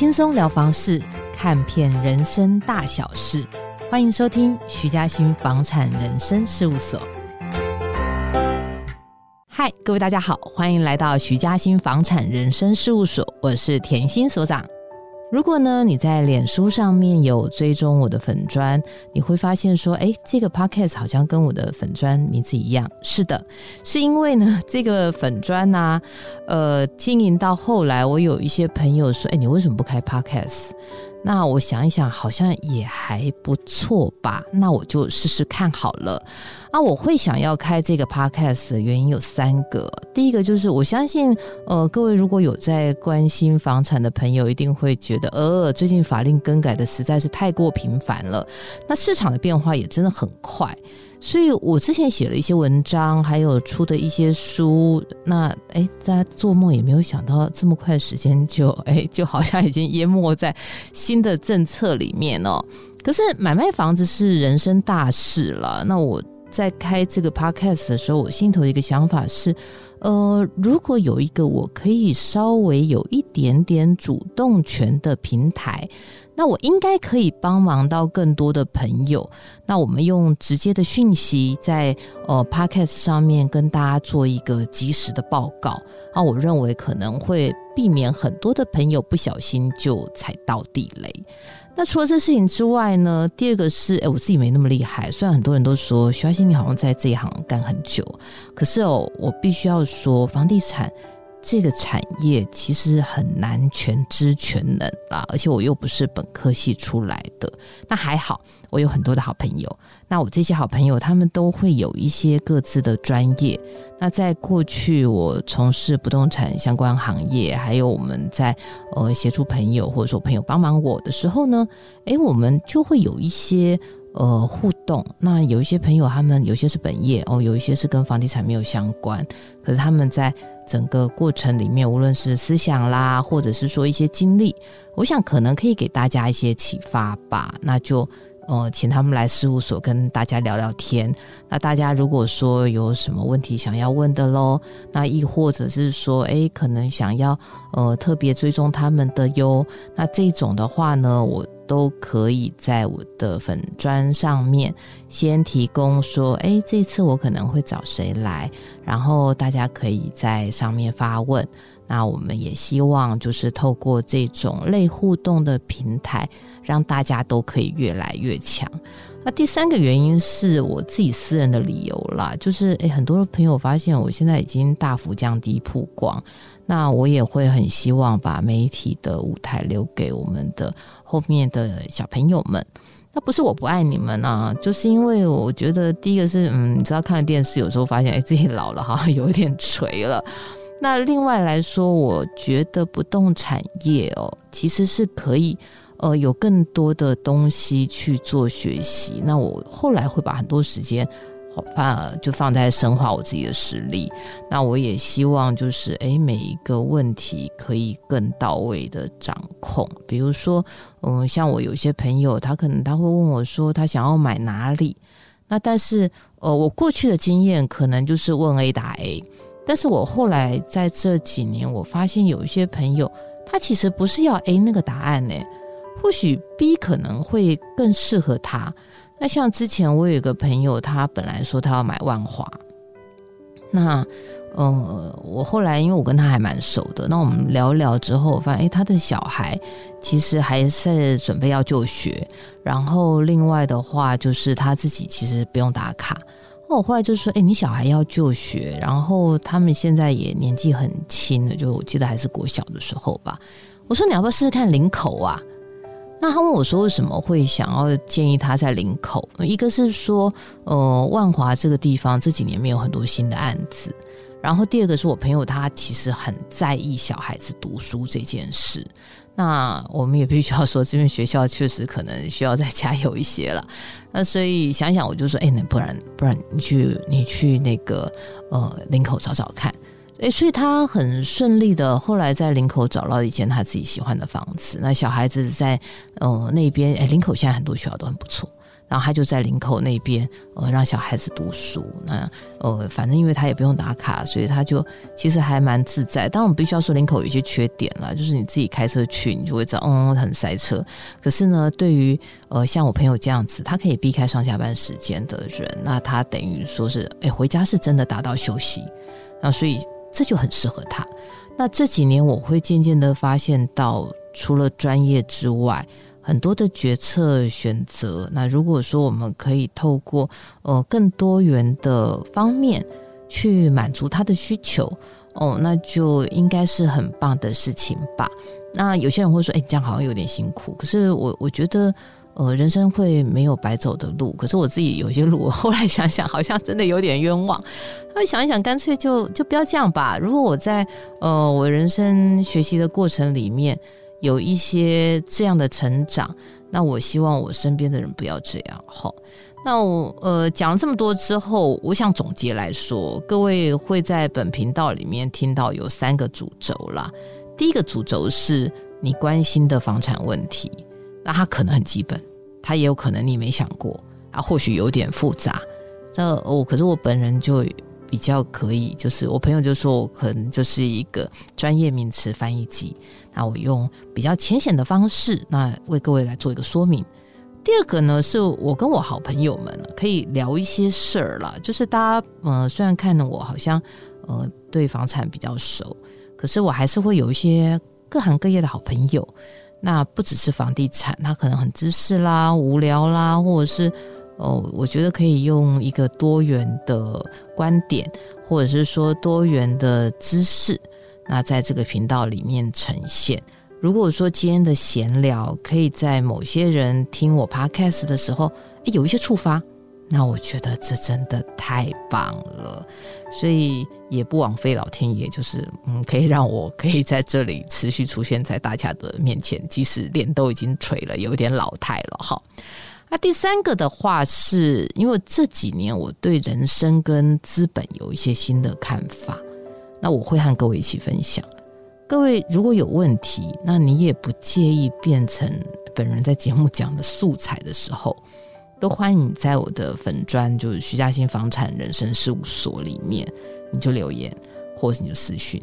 輕鬆聊房事，看遍人生大小事，歡迎收聽徐佳馨房產人生事務所。嗨，各位大家好，歡迎來到徐佳馨房產人生事務所，我是甜心所長。如果呢，你在臉書上面有追蹤我的粉專，你會發現說，哎，這個 podcast 好像跟我的粉專名字一樣。是的，是因為呢，這個粉專呢、啊，呃，經營到後來，我有一些朋友說，哎，你為什麼不開 podcast？那我想一想，好像也還不錯吧。那我就試試看好了。啊，我會想要開這個 podcast 的原因有三個。第一個就是我相信，呃，各位如果有在關心房產的朋友，一定會覺得，呃、哦，最近法令更改的實在是太過頻繁了，那市場的變化也真的很快。所以，我之前寫了一些文章，還有出的一些書，那誒，大家做夢也沒有想到，這麼快時間就誒，就好像已經淹沒在新的政策裡面哦。可是，買賣房子是人生大事了。那我在開這個 podcast 的時候，我心頭的一個想法是，呃，如果有一個我可以稍微有一點點主動權的平台。那我應該可以幫忙到更多的朋友。那我們用直接的訊息在呃 podcast 上面跟大家做一個即時的報告啊，我認為可能會避免很多的朋友不小心就踩到地雷。那除了這事情之外呢，第二個是，誒，我自己沒那麼厲害。雖然很多人都說徐佳馨你好像在這一行幹很久，可是哦，我必須要說房地產。這個產業其實很難全知全能啊，而且我又不是本科系出來的，那還好，我有很多的好朋友。那我這些好朋友，他們都會有一些各自的專業。那在過去，我從事不動產相關行業，還有我們在呃協助朋友，或者說朋友幫忙我的時候呢，誒，我們就會有一些。呃，互動。那有一些朋友，他們有些是本業哦，有一些是跟房地產沒有相關，可是他們在整個過程裡面，無論是思想啦，或者是說一些經歷，我想可能可以給大家一些啟發吧。那就呃，請他們來事務所跟大家聊聊天。那大家如果說有什麼問題想要問的嘍，那亦或者是說，哎，可能想要呃特別追蹤他們的喲，那這種的話呢，我。都可以在我的粉專上面先提供說，哎、欸，這次我可能會找誰來，然後大家可以在上面發問。那我們也希望就是透過這種類互動的平台，讓大家都可以越來越強。那第三個原因是我自己私人的理由啦，就是、欸、很多的朋友發現我現在已經大幅降低曝光。那我也會很希望把媒體的舞台留給我們的後面的小朋友們。那不是我不愛你們啊，就是因為我覺得第一個是，嗯，你知道看了電視有時候發現，哎，自己老了哈，有一點垂了。那另外來說，我覺得不動產業哦，其實是可以，呃，有更多的東西去做學習。那我後來會把很多時間。反而就放在深化我自己的實力。那我也希望就是，哎，每一個問題可以更到位的掌控。比如說，嗯，像我有些朋友，他可能他會問我說，他想要買哪裡？那但是，呃，我過去的經驗可能就是問 A 答 A。但是我後來在這幾年，我發現有一些朋友，他其實不是要 A 那個答案呢，欸，或許 B 可能會更適合他。那像之前我有一個朋友，他本來說他要買萬華，那呃，我後來因為我跟他還蠻熟的，那我們聊一聊之後，我發現誒、欸，他的小孩其實還是準備要就學，然後另外的話就是他自己其實不用打卡。那我後來就說，誒、欸，你小孩要就學，然後他們現在也年紀很輕的，就我記得還是國小的時候吧。我說你要不要試試看林口啊？那他問我說：“為什麼會想要建議他在林口？一個是說，呃，萬華這個地方這幾年沒有很多新的案子。然後第二個是我朋友他其實很在意小孩子讀書這件事。那我們也必須要說，這邊學校確實可能需要再加油一些了。那所以想一想，我就說，哎、欸，那不然不然你去你去那個呃林口找找看。”誒、欸，所以他很順利的，後來在林口找到一間他自己喜歡的房子。那小孩子在呃那邊，誒、欸，林口現在很多學校都很不錯。然後他就在林口那邊，呃，讓小孩子讀書。那呃，反正因為他也不用打卡，所以他就其實還蠻自在。但我們必須要說，林口有一些缺點了，就是你自己開車去，你就會知道，嗯，嗯很塞車。可是呢，對於呃像我朋友這樣子，他可以避開上下班時間的人，那他等於說是，誒、欸，回家是真的達到休息。那所以。這就很適合他。那這幾年我會漸漸的發現到，除了專業之外，很多的決策選擇，那如果說我們可以透過呃更多元的方面去滿足他的需求，哦，那就應該是很棒的事情吧。那有些人會說，哎，這樣好像有點辛苦。可是我我覺得。呃，人生會沒有白走的路，可是我自己有些路，我後來想想，好像真的有點冤枉。那想一想，乾脆就就不要這樣吧。如果我在呃我人生學習的過程裡面有一些這樣的成長，那我希望我身邊的人不要這樣。好、哦，那我呃講了這麼多之後，我想總結來說，各位會在本頻道裡面聽到有三個主軸啦。第一個主軸是你關心的房產問題。那他可能很基本，他也有可能你沒想過啊，或許有點複雜。這我、哦、可是我本人就比較可以，就是我朋友就說，我可能就是一個專業名詞翻譯機。那我用比較淺顯的方式，那為各位來做一個說明。第二個呢，是我跟我好朋友們可以聊一些事兒了，就是大家嗯、呃，雖然看著我好像呃對房產比較熟，可是我還是會有一些各行各業的好朋友。那不只是房地產，那可能很知識啦、無聊啦，或者是哦，呃，我覺得可以用一個多元的觀點，或者是說多元的知識，那在這個頻道裡面呈現。如果說今天的閒聊可以在某些人聽我 podcast 的時候，欸，有一些觸發。那我覺得這真的太棒了，所以也不枉費老天爺，就是嗯，可以讓我可以在這裡持續出現在大家的面前，即使臉都已經垂了，有點老態了哈，啊。第三個的話是，是因為這幾年我對人生跟資本有一些新的看法，那我會和各位一起分享。各位如果有問題，那你也不介意變成本人在節目講的素材的時候，都歡迎你在我的粉專，就是徐佳馨房產人生事務所裡面，你就留言或是你就私訊。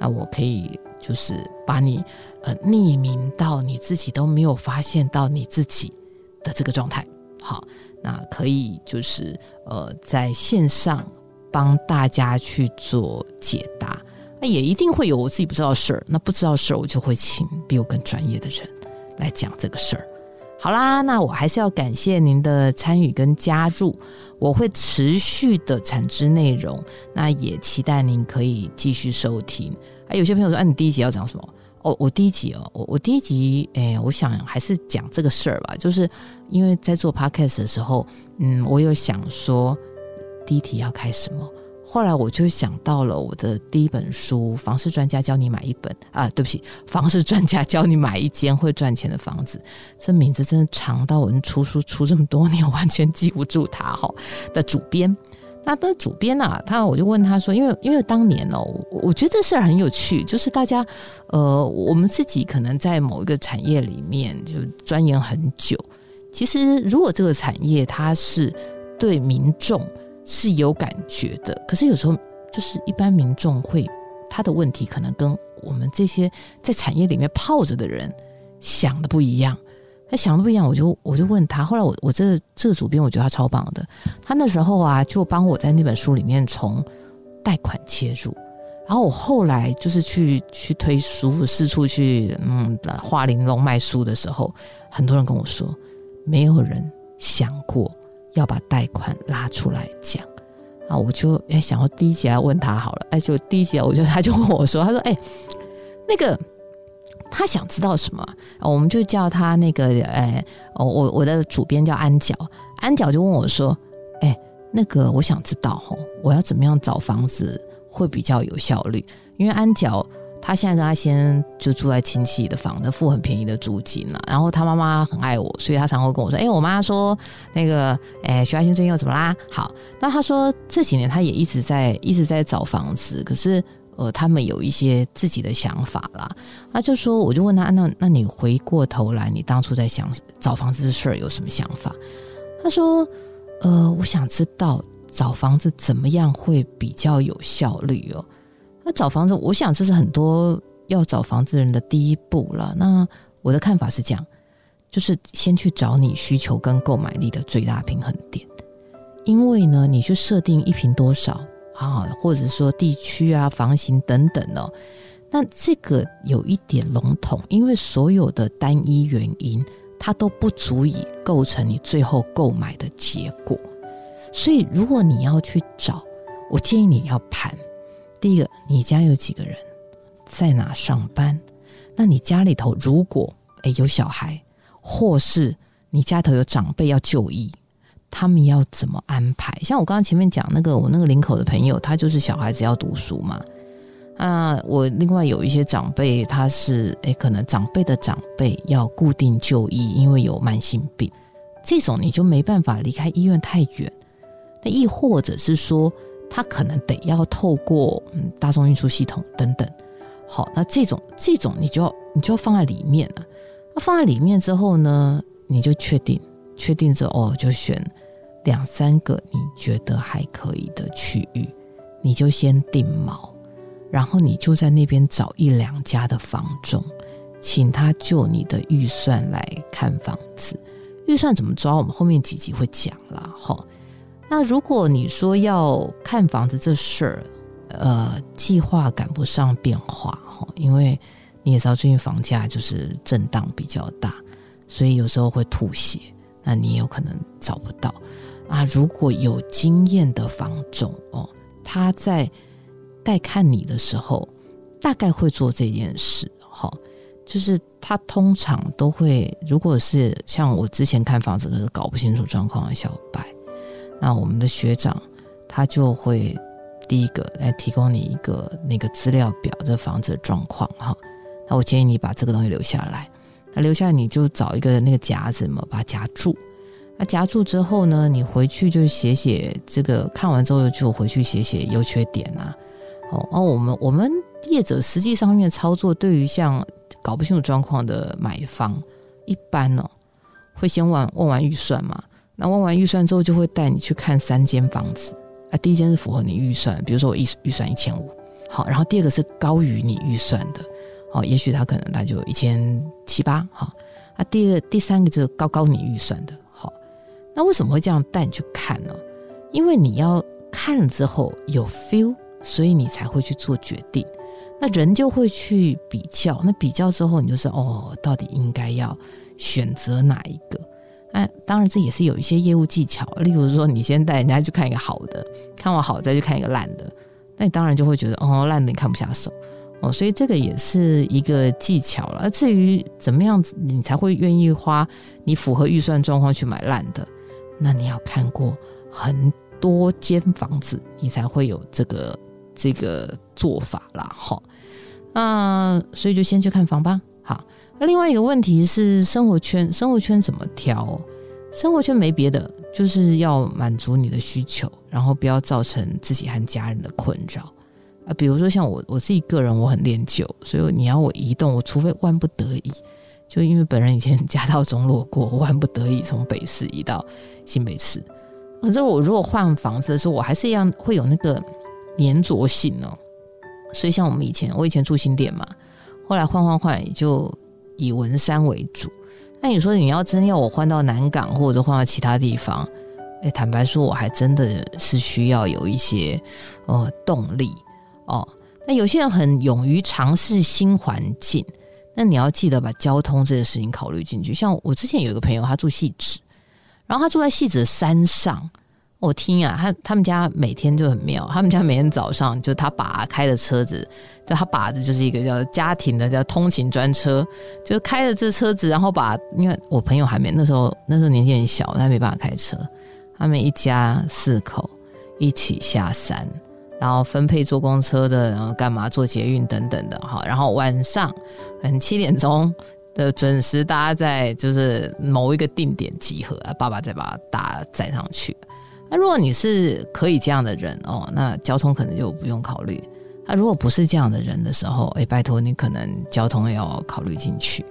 那我可以就是把你呃匿名到你自己都沒有發現到你自己的這個狀態，好，那可以就是呃在線上幫大家去做解答，那也一定會有我自己不知道的事，那不知道的事我就會請比我更專業的人來講這個事。好啦，那我還是要感謝您的參與跟加入，我會持續的產出內容，那也期待您可以繼續收聽。哎、啊，有些朋友說，哎、啊，你第一集要講什麼？哦，我第一集哦，我我第一集，哎、欸，我想還是講這個事兒吧，就是因為在做 Podcast 的時候，嗯，我有想說第一題要開什麼。後來我就想到了我的第一本書《房市專家教你買一本》，啊，對不起，《房市專家教你買一間會賺錢的房子》，這名字真的長到我出書出這麼多年我完全記不住它哈、哦。的主編，那的主編吶、啊，他我就問他說，因為因為當年哦，我覺得這事很有趣，就是大家呃，我們自己可能在某一個產業裡面就鑽研很久，其實如果這個產業它是對民眾。是有感覺的，可是有時候就是一般民眾會他的問題，可能跟我們這些在產業裡面泡着的人想的不一樣。他想的不一樣，我就我就問他。後來我我這這個、主編，我覺得他超棒的。他那時候啊，就幫我在那本書裡面從貸款切入。然後我後來就是去去推書，四處去嗯畫玲瓏賣書的時候，很多人跟我說，沒有人想過。要把貸款拉出來講啊，我就哎、欸、想我第一集來問他好了，哎、欸、就第一集我就他就問我說，他說哎、欸、那個他想知道什麼，我們就叫他那個呃、欸、我我的主編叫安角，安角就問我說，哎、欸、那個我想知道吼，我要怎麼樣找房子會比較有效率，因為安角。他現在跟阿先就住在親戚的房子，付很便宜的租金了。然後他媽媽很愛我，所以他常會跟我說：“哎、欸，我媽說那個，誒、欸、徐佳馨最近又怎麼啦？”好，那他說這幾年他也一直在一直在找房子，可是呃，他們有一些自己的想法啦，他就說，我就問他：“那那你回過頭來，你當初在想找房子的事兒有什麼想法？”他說：“呃，我想知道找房子怎麼樣會比較有效率哦。”那找房子，我想這是很多要找房子的人的第一步了。那我的看法是這樣，就是先去找你需求跟購買力的最大平衡點。因為呢，你去設定一坪多少啊，或者說地區啊、房型等等哦，那這個有一點籠統，因為所有的單一原因它都不足以構成你最後購買的結果。所以，如果你要去找，我建議你要盤。第一個，你家有幾個人，在哪上班？那你家裡頭如果誒、欸、有小孩，或是你家頭有長輩要就醫，他們要怎麼安排？像我剛剛前面講的那個，我那個林口的朋友，他就是小孩子要讀書嘛。那、啊、我另外有一些長輩，他是誒、欸、可能長輩的長輩要固定就醫，因為有慢性病，這種你就沒辦法離開醫院太遠。那亦或者是說。他可能得要透過嗯，大眾運輸系統等等，好，那這種這種你就要你就要放在裡面了。那放在裡面之後呢，你就確定確定之後哦，就選兩三個你覺得還可以的區域，你就先定錨，然後你就在那邊找一兩家的房仲，請他就你的預算來看房子。預算怎麼抓，我們後面幾集會講了，哈。那、啊、如果你說要看房子這事兒，呃，計劃趕不上變化哈、哦，因為你也知道最近房價就是震盪比較大，所以有時候會吐血，那你也有可能找不到啊。如果有經驗的房仲哦，他在帶看你的時候，大概會做這件事哈、哦，就是他通常都會，如果是像我之前看房子的時候搞不清楚狀況的小白。那我們的學長，他就會第一個來提供你一個那個資料表，這房子的狀況哈。那我建議你把這個東西留下來。那留下來你就找一個那個夾子嘛，把它夾住。那夾住之後呢，你回去就寫寫這個，看完之後就回去寫寫優缺點啊。哦，我們我們業者實際上面操作，對於像搞不清楚狀況的買方，一般哦，會先問問完預算嘛。那問完預算之後，就會帶你去看三間房子啊。第一間是符合你預算，比如說我預預算一千五，好。然後第二個是高於你預算的，好、哦，也許他可能他就一千七八，好。啊，第二第三個就是高高你預算的，好。那為什麼會這樣帶你去看呢？因為你要看了之後有 feel，所以你才會去做決定。那人就會去比較，那比較之後，你就是哦，到底應該要選擇哪一個？哎，當然這也是有一些業務技巧，例如說，你先帶人家去看一個好的，看完好再去看一個爛的，那你當然就會覺得哦，爛的你看不下手哦，所以這個也是一個技巧了。至於怎麼樣子你才會願意花你符合預算狀況去買爛的，那你要看過很多間房子，你才會有這個這個做法啦。哈、哦。嗯、呃，所以就先去看房吧，好。那另外一個問題是生活圈，生活圈怎麼挑？生活圈沒別的，就是要滿足你的需求，然後不要造成自己和家人的困擾啊。比如說像我，我自己個人，我很念舊，所以你要我移動，我除非萬不得已，就因為本人以前家道中落過，萬不得已從北市移到新北市。可是我如果換房子的時候，我還是一樣會有那個黏著性哦、喔。所以像我們以前，我以前住新店嘛，後來換換換就。以文山為主，那你說你要真要我換到南港，或者換到其他地方，哎，坦白說，我還真的是需要有一些呃動力哦。那有些人很勇於嘗試新環境，那你要記得把交通這個事情考慮進去。像我之前有一個朋友，他住汐止，然後他住在汐止的山上。我聽啊，他他們家每天就很妙。他們家每天早上就他爸開的車子，就他爸就是一個叫家庭的叫通勤專車，就開着這車子，然後把因為我朋友還沒那時候那時候年紀很小，他沒辦法開車。他們一家四口一起下山，然後分配坐公車的，然後幹嘛坐捷運等等的哈。然後晚上嗯七點鐘的準時，大家在就是某一個定點集合，爸爸再把大家載上去。那、啊、如果你是可以這樣的人哦，那交通可能就不用考慮。那、啊、如果不是這樣的人的時候，哎、欸，拜托你可能交通也要考慮進去。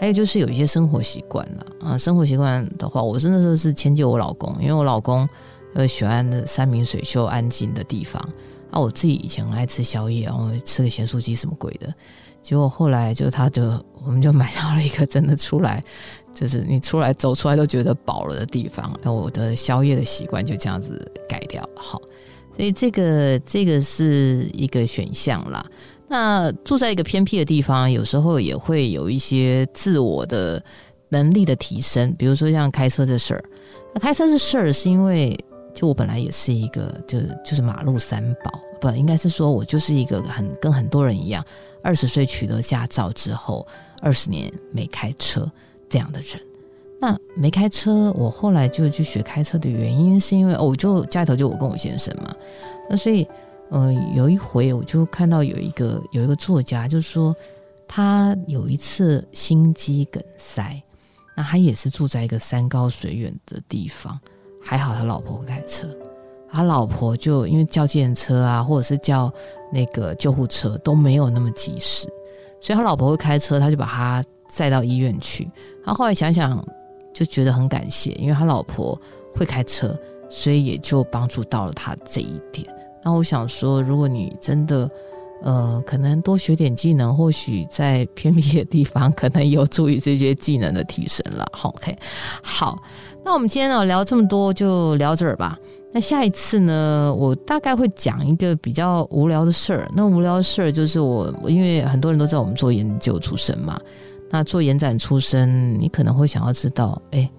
還有就是有一些生活習慣了啊，生活習慣的話，我真的是是遷就我老公，因為我老公呃喜歡山明水秀安靜的地方。那、啊、我自己以前愛吃宵夜，然後吃個鹹酥雞什麼鬼的，結果後來就他就我們就買到了一個真的出來。就是你出來走出來都覺得飽了的地方，那我的宵夜的習慣就這樣子改掉了。好，所以這個這個是一個選項啦。那住在一個偏僻的地方，有時候也會有一些自我的能力的提升，比如說像開車這事兒。那開車這事兒是因為，就我本來也是一個，就是就是馬路三寶，不，應該是說我就是一個很跟很多人一樣，二十歲取得駕照之後，二十年沒開車。這樣的人，那沒開車，我後來就去學開車的原因，是因為、哦、我就家裡頭就我跟我先生嘛，那所以，呃，有一回我就看到有一個有一個作家，就說他有一次心肌梗塞，那他也是住在一個山高水遠的地方，還好他老婆會開車，他老婆就因為叫計程車啊，或者是叫那個救護車都沒有那麼及時，所以他老婆會開車，他就把他。再到醫院去，他後來想想就覺得很感謝，因為他老婆會開車，所以也就幫助到了他這一點。那我想說，如果你真的呃，可能多學點技能，或許在偏僻的地方，可能有助於這些技能的提升了。OK，好，那我們今天呢聊這麼多就聊這兒吧。那下一次呢，我大概會講一個比較無聊的事兒。那無聊的事兒就是我，因為很多人都知道我們做研究出身嘛。那做研展出身，你可能會想要知道，哎，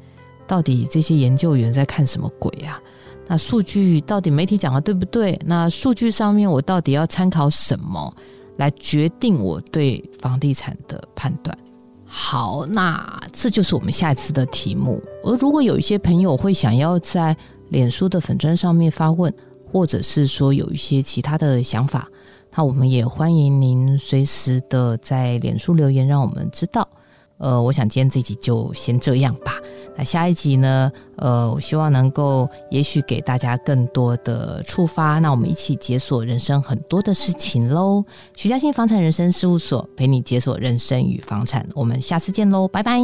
到底這些研究員在看什麼鬼啊？那數據到底媒體講的對不對？那數據上面我到底要參考什麼來決定我對房地產的判斷？好，那這就是我們下一次的題目。而如果有一些朋友會想要在臉書的粉專上面發問，或者是說有一些其他的想法。那我們也歡迎您隨時的在臉書留言，讓我們知道。呃，我想今天這集就先這樣吧。那下一集呢？呃，我希望能夠也許給大家更多的觸發。那我們一起解鎖人生很多的事情嘍。徐佳馨房產人生事務所陪你解鎖人生與房產。我們下次見嘍，拜拜。